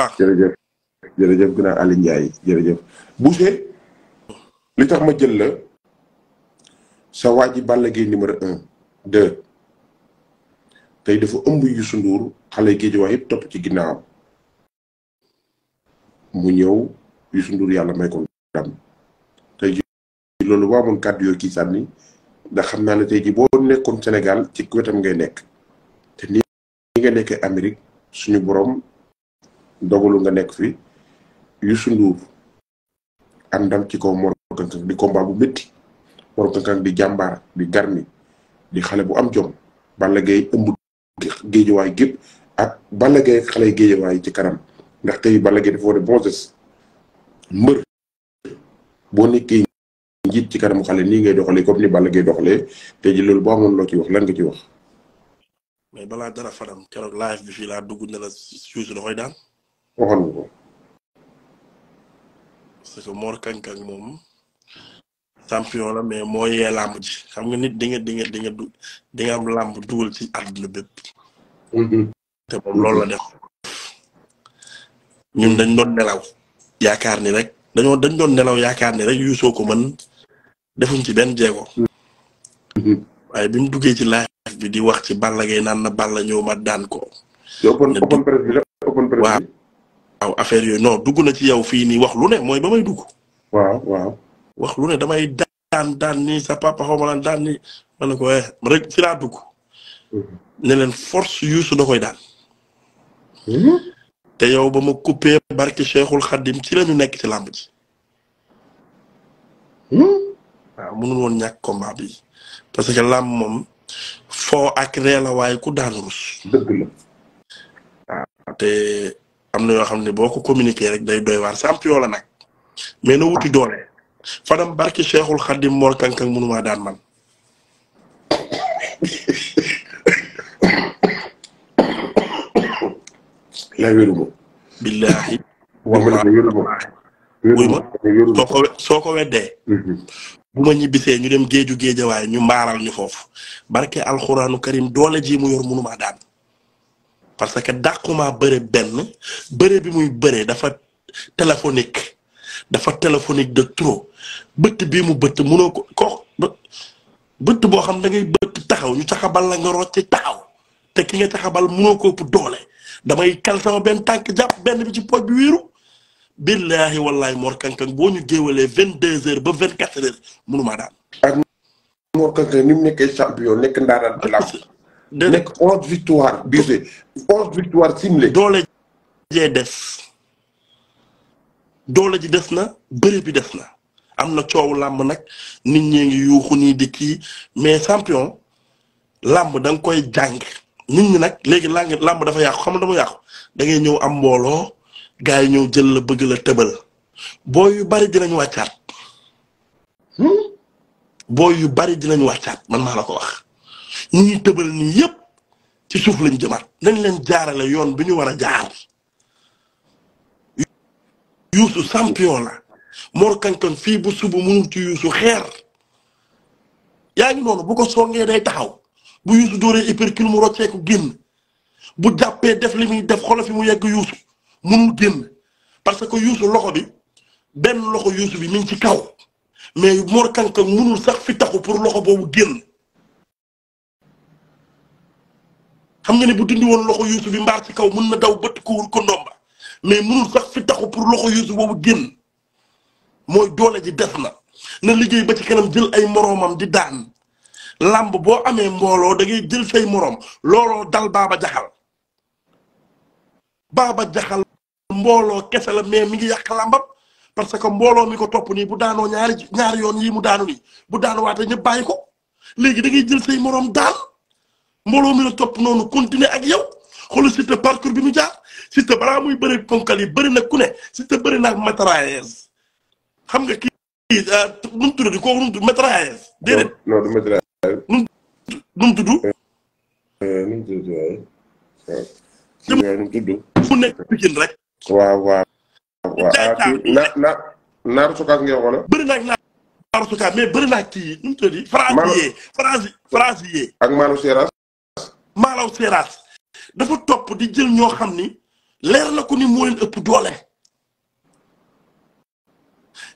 baax jërëjëf jërëjëf gën a Aliou Ndiaye jërëjëf Boucher li tax ma jël la sa waa ji Balla Gaye numéro un deux tey dafa ëmb Youssou Ndour xale Guédiawaye yëpp topp ci ginnaawam mu ñëw Youssou Ndour yàlla may ko ndam tey ji loolu boo amoon kàddu yoo kii sànni ndax xam naa ne tey ji boo nekkoon Sénégal ci wetam ngay nekk te ni nga nekk Amérique suñu borom ndogalu nga nekk fi Youssou Ndour àndam ci kaw Mor Kang Kang di combat bu métti Mor Kang di jàmbaar di garmi di xale bu am jom Balla Gaye ëmb géejawaay gépp ak Balla Gaye xale yi ci kanam ndax te Balla Gaye dafa war a bon geste mbër boo nekkee njiit ci kanamu xale nii ngay doxalee comme ni Balla Gaye doxalee tey ji loolu boo amoon loo ci wax lan nga ci wax balaa dara faram keroog live bi fii laa dugg ne la suus waxoon nga ko. parce que Mor Kang Kang moom champion la mais moo yee làmb ji xam nga nit di nga di nga di nga di nga am làmb dugal ci àdduna bépp. Mhm. te moom loolu la def. ñun dañ doon nelaw yaakaar ni rek dañoo dañ doon nelaw yaakaar ni rek yuusoo ko mën defuñ ci benn jeego. Mhm. waaye bi mu duggee ci live bi di wax ci Balla Gaye naan na Balla ñëw ma daan ko. open open press bi la open press waaw affaire yooyu non dugg na ci yow fii nii wax lu ne mooy ba may dugg. waaw waaw. wax lu ne damay daan daan nii sa papa xaw ma daan nii ma ne ko eh, rek si laa dugg. Mm-hmm. ne leen force yuusu da koy daan. Mm-hmm. te yow ba ma coupé barki Cheikhul Khadim ci la nekk ci làmb ji. Mm-hmm. waaw woon ñàkk combat bi parce que làmb moom foo ak ree la waaye ku daan rus. te. am na yoo xam ne boo ko communiqué rek day doy waar champion la nag mais na wuti doole Fadam barki Cheikhul Khadim Mor Kankan mënumaa daan man la wéruma billaahi wama soo ko soo ko weddee mm-hmm. bu ma ñibbisee ñu dem géeju waaye ñu mbaaral ñu foofu barke alxuraanu karim doole ji mu yor mënumaa daan parce que dàquma bëre benn bëre bi muy bëre dafa téléphonique dafa téléphonique de trop bëtt bii mu bëtt munoo ko ko bëtt boo xam da ngay bëtt taxaw ñu taxabal la nga ci taxaw te ki nga taxabal munoo ko ëpp doole damay kal sama benn tànk jàpp benn bi ci pooj bi wiiru billaahi wallaahi Mor Kang Kang boo ñu géewalee vingt deux heures ba vingt quatre heures munumaa daan. ak Mor Kang Kang ni nekk ndaanaan ci nekk onze victoire Buse onze victoire simile doole jee des doole ji des na bëri bi des na am na coow làmb nag nit ñee ngi yuuxu nii di kii mais champion làmb danga koy jàng nit ñi nag léegi làng làmb dafa yàqu xam nga dama yàqu da ngay ñëw am mbooloo gars yi ñëw jël la bëgg la tëbal booy yu bari dinañ wàccaat hmm? booy yu bari dinañ wàccaat man maa la ko wax ñi ñuy tëbal ni yëpp ci suuf lañ jëmaat dañ leen jaarale yoon bi ñu war a jaar yuusu champion la Mor Kang fii bu suba mënul ci yuusu xeer yaa ngi noonu bu ko songee day taxaw bu yuusu dóoree hypercule mu rocceeku génn bu jàppee def li muy def xolo fi mu yegg yuusu mënul génn parce que yuusu loxo bi benn loxo yuusu bi mu ngi ci kaw mais Mor Kang Kang mënul sax fi taxu pour loxo boobu génn xam nga ne bu dindi woon loxo yuusu bi mbaar ci kaw mun na daw bëtt ko wul ko ndomba mais munul sax fi taxu pour loxo yuusu boobu génn mooy doole ji des na na liggéey ba ci kanam jël ay moroomam di daan làmb boo amee mbooloo da ngay jël say moroom looloo dal baaba jaxal baaba jaxal mbooloo kese la mais mi ngi yàq làmbam parce que mbooloo mi ko topp nii bu daanoo ñaari ñaari yoon yii mu daanu nii bu daanu ñëpp bàyyi ko léegi jël say moroom daan mbooloo mi noonu continuer ak yow xoolal Siteu parcours bi mu jaar Siteu balaa muy bëri ponkal yi bëri na ku ne Siteu bëri na ak xam nga kii ah, nu mu tudd kooku nu mu tudd matrailleuse. déedéet non mu tudd eh, eh, tudd waaye eh, nu mu nekk Pikine rek. waaw waaw. na na naaru sukaas ngay wax bëri na ak naaru naaru sukaas mais bëri na kii nu mu tudd. maanaam phrase yi phrase yi ak maanaam séeras. maalaw seeraas dafa topp di jël ñoo xam ni leer na ko ni moo leen ëpp doole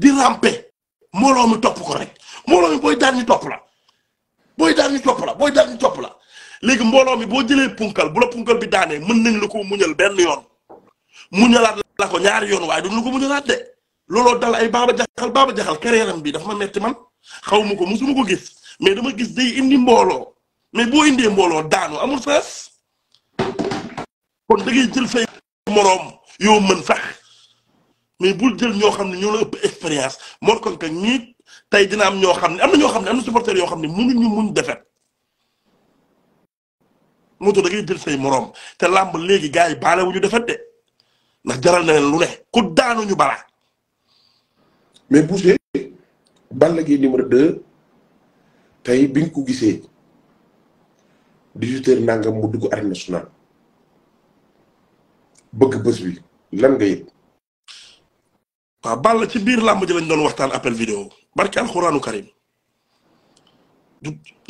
di rampe mbooloo mi topp ko rek mbooloo mi booy daan ñu topp la booy daan ñu topp booy daan topp la léegi mbooloo mi boo jëlee punkal bu la punkal bi daanee mën nañ la ko muñal benn yoon muñalaat la ko ñaari yoon waaye duñ la ko muñalaat de looloo dal ay baaba jaxal baaba jaxal kereeram bi dafa ma metti man xaw ma ko musuma ko gis mais dama gis day indi mbooloo mais boo indee mbooloo daanu amul sens kon da ngay jël say moroom yoo mën sax mais bul jël ñoo xam ne ñoo expérience moo kon que tey dina am ñoo xam ne am na ñoo xam ne am na supporter yoo xam ne mënuñu muñ defet moo tax da ngay jël say moroom te làmb léegi gars yi baale wu ñu defet de ndax jaral na leen lu ne ku daanu ñu balaa. mais bal Balla Gaye numéro 2 tey bi nga ko gisee. dix-huit heures mu dugg arène nationale bëgg bés bi lan nga yëg. waaw Balla ci biir làmb ji lañ doon waxtaan appel vidéo barke alxuraanu karim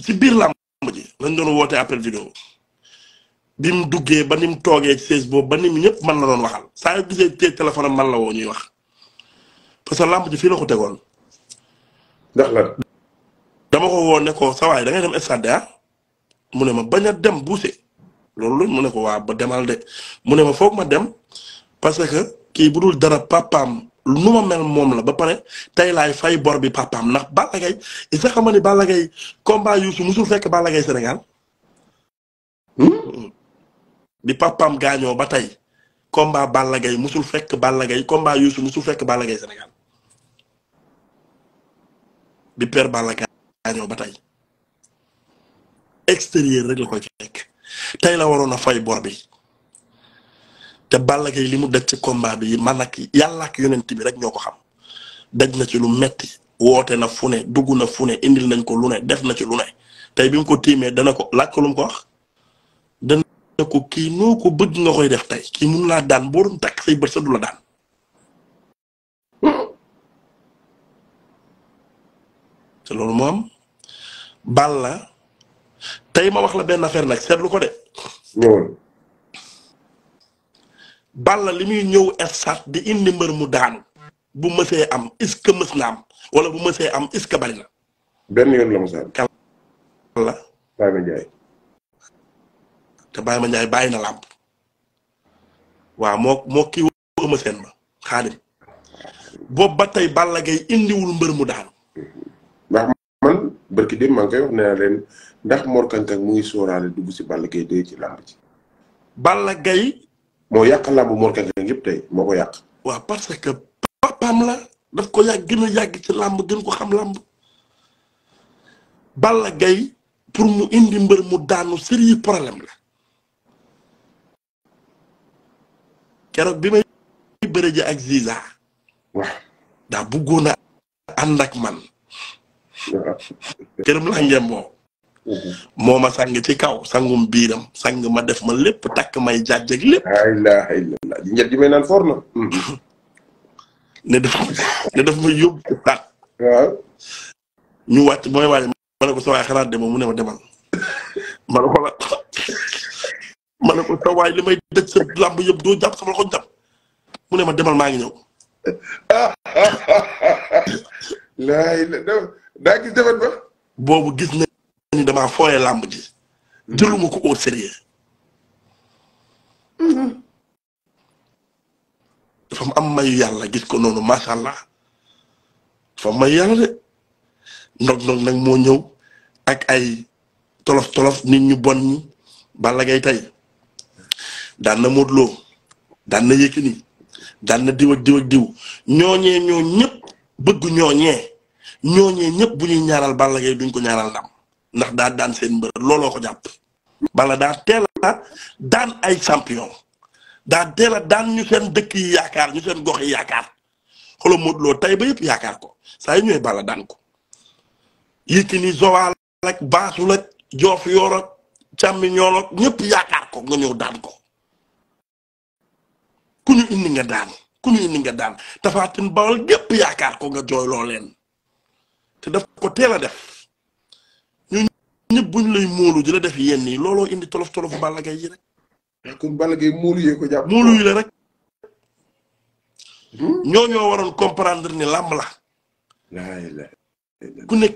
ci biir làmp ji lañ doon woote appel vidéo bi mu duggee ba ni mu toogee ci seize boobu ba ni mu ñëpp man la doon waxal saa yoo gisee tey téléphone man la woo ñuy wax parce que làmb ji fii la ko tegoon. ndax lan. dama ko woo ne ko sa da ngay dem stade ah? mu ne ma bañ a dem buuse loolu mu ne ko waa ba demal de mu ne ma foog ma dem parce que kii bu dul dara papaam nu ma mel moom la ba pare tey laay fay bor bi papaam ndax Balla Gaye is nga xam ne Balla Gaye combat su musul fekk Balla hmm? bi papaam gaañoo ba tey combat Balla Gaye musul fekk Balla Gaye combat yu su musul fekk Balla Gaye Sénégal bi père Balla Gaye gaañoo ba tey. extérieur rek la koy fekk tey la waroon a fay bor bi te Balla Gaye li mu daj ci combat bi man ak yàlla ak yonent bi rek ñoo ko xam daj na ci lu metti woote na fu ne dugg na fu ne indil nañ ko lu ne def na ci lu ne tey bi mu ko tiimee dana ko laaj ko lu mu ko wax dana ko kii noo ko bëgg nga koy def tey kii mun laa daan boo doon takk say bët sa du la daan te loolu moom Balla tey ma wax la benn affaire nag seetlu ko de. ñëwoon. Balla li muy ñëw esaat di indi mbër mu daanu bu mësee am est mës na am wala bu mësee am est-ce que benn yoon la mësa am. Ma Ndiaye. te Baye Ma Ndiaye bàyyi na làmp. waaw moo moo kii woo ma seen ma xaadim ba tey Balla Gaye indiwul mbër mu daanu. barki démb maa ngi koy nee na leen ndax Mor Kang Kang mu ngi sóoraale dugg si Balla Gaye 2 ci làmb ci Balla Gaye moo yàq làmb moo ko yàq waaw parce que papaam la daf ko yàgg gën a yàgg ci làmb gën ko xam làmb Balla Gaye pour mu indi mbër mu daanu sérieux problème la keroog bi may bërëje ak Ziza waaw daa bëggoon a ànd ak man këram laa ngemboo mhm. moo ma sang ci kaw sangum biiram sang ma def ma lépp takk may jàjjeg lépp laa ilaaha illallaah di naan for na mhm. ne def ne def ma yóbbu saat ñu wàcc mooy waaj ma ko sa waay xanaa demoo mu ne ma demal ma ko la ma ne ko sa waay li may dëj sa làmb yëpp doo jàpp sama loxo mu ne ma demal maa ñëw daa gis defet ba. boobu gis na ni damaa fooye làmb ji. Mm-hmm. jëluma ko au sérieux. Mm-hmm. dafa am mayu yàlla gis ko noonu macha allah dafa mayu yàlla de ndog-ndog nag moo ñëw ak ay tolof tolof nit ñu bon ñi Balla Gaye tey daan na Modou daan na Yékini daan na diw ak diw ak diw ñooñee ñoo ñëpp bëgg ñooñee. ñoñe ñep bu ñu ñaaral Balla Gaye duñ ko ñaaral ndam ndax da daan seen mbeur lolo ko japp Balla da teel daan ay champion da teel daan ñu seen dëkk yi yaakar ñu seen gox yi yaakar xolo mod Lo tay ba yëpp yaakar ko saa yu ñëwee Balla daan ko Yékini Joal ak Baasul ak Joof Yoor ak Càmmiñool ak ñëpp ko nga ñew daan ko ku ñu indi nga daan ku ñu indi nga daan Bawol ko nga lo len te daf ko teel a def ñu ñëpp buñ lay móolu di la def yenn yi looloo indi tolof tolofu Balla Gaye yi rek. comme Balla Gaye móolu yee ko jàpp. móolu yi la rek. Hmm? ñoo ñoo waroon comprendre ni làmb la. ku nekk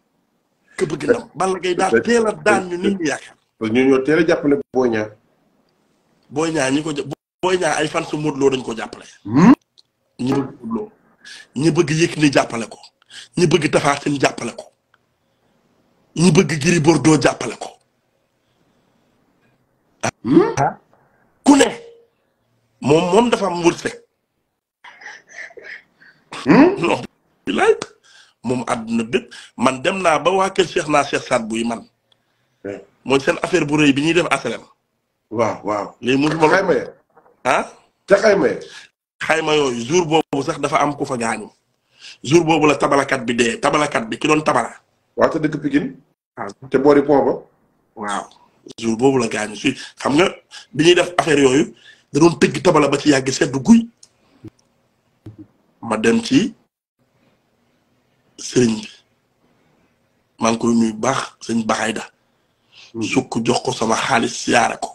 ku bëgg ndam. Balla Gaye daal teel a daan ñu nit ñi yaakaar. ñu ñoo teel a jàppale Boy Niang. Boy Niang ñi ko jàpp Boy Niang ay fan su Modou Lo dañ ko jàppale. Hmm? ñi bëgg Modou Lo ñi bëgg Yékini jàppale ko. ñu bëgg Tapha Tine jàppale ko ñu bëgg Gris Bordeaux jàppale ko. Hmm? ku ne moom moom dafa am wërsëg. Hmm? non bilaay moom àdduna bépp man dem naa ba waa kër Cheikh naa Cheikh Saad Buy man. mooy seen affaire bu rëy bi ñuy def asalem. waaw waaw léegi mosuma. xayma ah ca xayma xayma yooyu jour boobu sax dafa am ku fa gaañu. jour boobu la tabalakat bi de tabalakat bi ki doon tabala. waaw te dëkk Pikine. Ah. waaw jour boobu la gaañu si xam nga bi ñuy def affaire yooyu da doon tëgg tabala ba ci yàgg sedd guy. ma dem ci sëriñ bi maa ngi koy nuyu baax sëñ Baxayda. Hmm. sukk jox ko sama xaalis siyaare ko.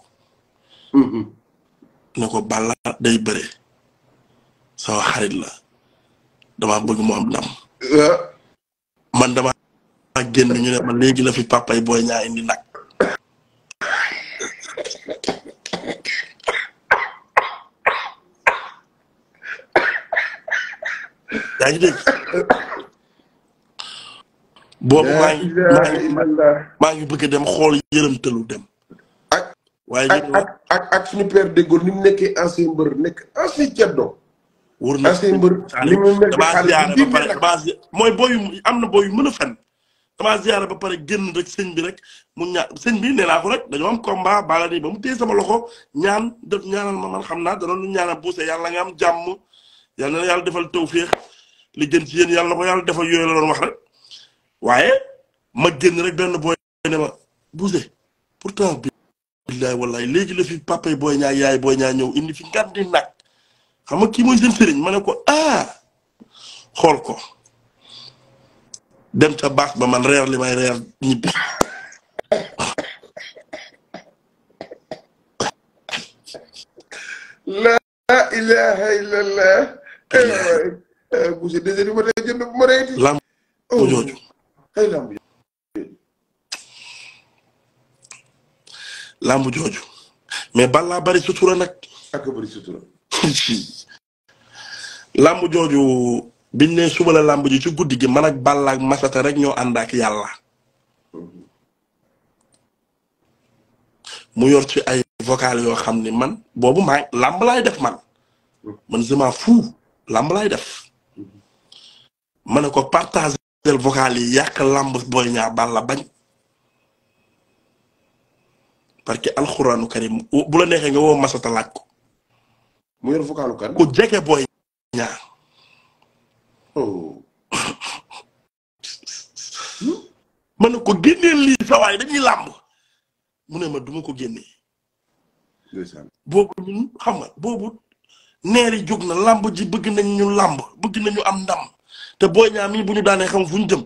Hmm, hmm. ne ko Balla day bëre. sama xarit la. dama bëgg mo am ndam. Ya. man dama génn ñu ne ma légui la fi papa yi ñaa indi nak yaa ngi bëgg dem dem. ak ak ak suñu père de ancien ancien wër na damaa ziyaare ba pare damaa mooy booyu am na booyu mën a fen damaa ziyaare ba pare génn rek sëñ bi rek mu ñaa sëñ bi nee ko rek dañoo am combat bala ba mu téye sama loxo ñaan def ñaanal ma man xam naa danoon lu ñaanal buuse yàlla nga am jàmm yàlla na yàlla defal tawféex li gën ci yéen yàlla na ko yàlla defal yooyu la doon wax rek waaye ma génn rek benn booy ne ma buuse pourtant bi billaay wallaay léegi fi papay booy ñaa yaay booy ñaa ñëw indi fi ngan di xam nga kii mooy seen sëriñ ma ko ah xool ko dem ca baax ba man reer li may reer ñibbi la ilaha illallah eh, bu si jooju ay lamb mais balaa bari sutura nag ak bari sutura Lambu joju biñ né suba la làmb ji ci guddi man ak Balla ak Masata rek ño ànd ak mu yor ci ay vocal yo xamni man bobu ma lamb lay def man man m'en fous lamb lay def man ko partager vocal yi yak lamb boy ñaa Balla bañ parce que alcorane karim bu la nexé nga wo Masata laaj mu yor vocalu kan. ku jege booy ñaar. Oh. ma ne ko génneel lii sa waay dañuy làmb mu ne ma duma ko génnee. boobu xam nga boobu neer yi jóg na làmb ji bëgg nañ ñu làmb bëgg ñu am ndam te booy ñaar mii bu ñu daanee xam fu ñu jëm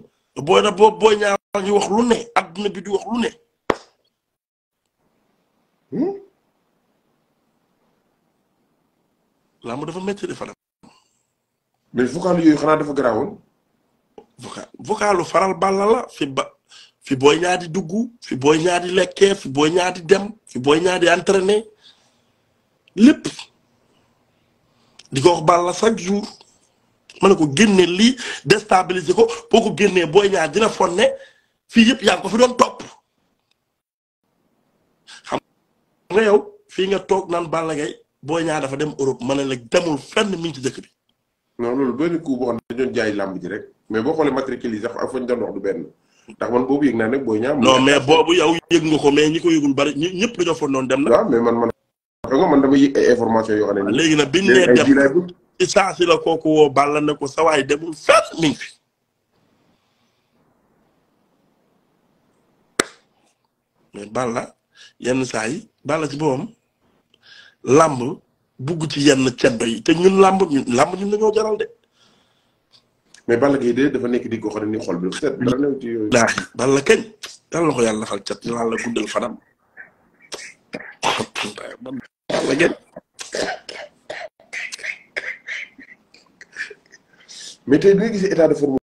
booy da boobu booy ñaar ngi wax lu ne adduna bi di wax lu ne. Hmm? làmb dafa métti de faram. mais vocal yooyu xanaa dafa garaawoon. vocal vocalu faral balla la fi ba fi booy ñaar di dugg fi booy ñaar lekkee fi booy ñaar di dem fi booy ñaar di entraîner lépp di chaque jour ma ne ko génne lii déstabiliser ko boo ko génnee booy ñaar dina fonne fii yëpp yaa ngi ko fi doon topp xam nga yow fii nga toog naan Balla Gaye boo Niang dafa dem Europe ma a la demul fenn mi ngi ci dëkk bi. non loolu benn coup boo xam ne jaay làmb rek mais boo xoolee matricule yi sax ak fañ doon wax du benn ndax man boobu yëg naa nag Boy mais boobu yow yëg nga ko mais ñi ko yëgul bari ñi ñëpp dañoo foog noonu dem na. waaw mais man man. xam nga man dama yëg ay information yoo xam ne. léegi nag biñ nee dem ci saa si la kooku woo bàll na ko sa waay demul fenn mi ngi fi. mais Balla yenn saay yi Balla ci boppam. làmb bugg ci yenn ceddo yi te ñun làmb ñun làmb ñun dañoo jaral de. mais Balla Gaye de dafa nekk di ko xam ne ni xol bi xet dara new ci Balla kañ yàlla na ko yàlla xal cat yàlla la guddal fanam. Balla Gaye. mais tey dina gis état de forme.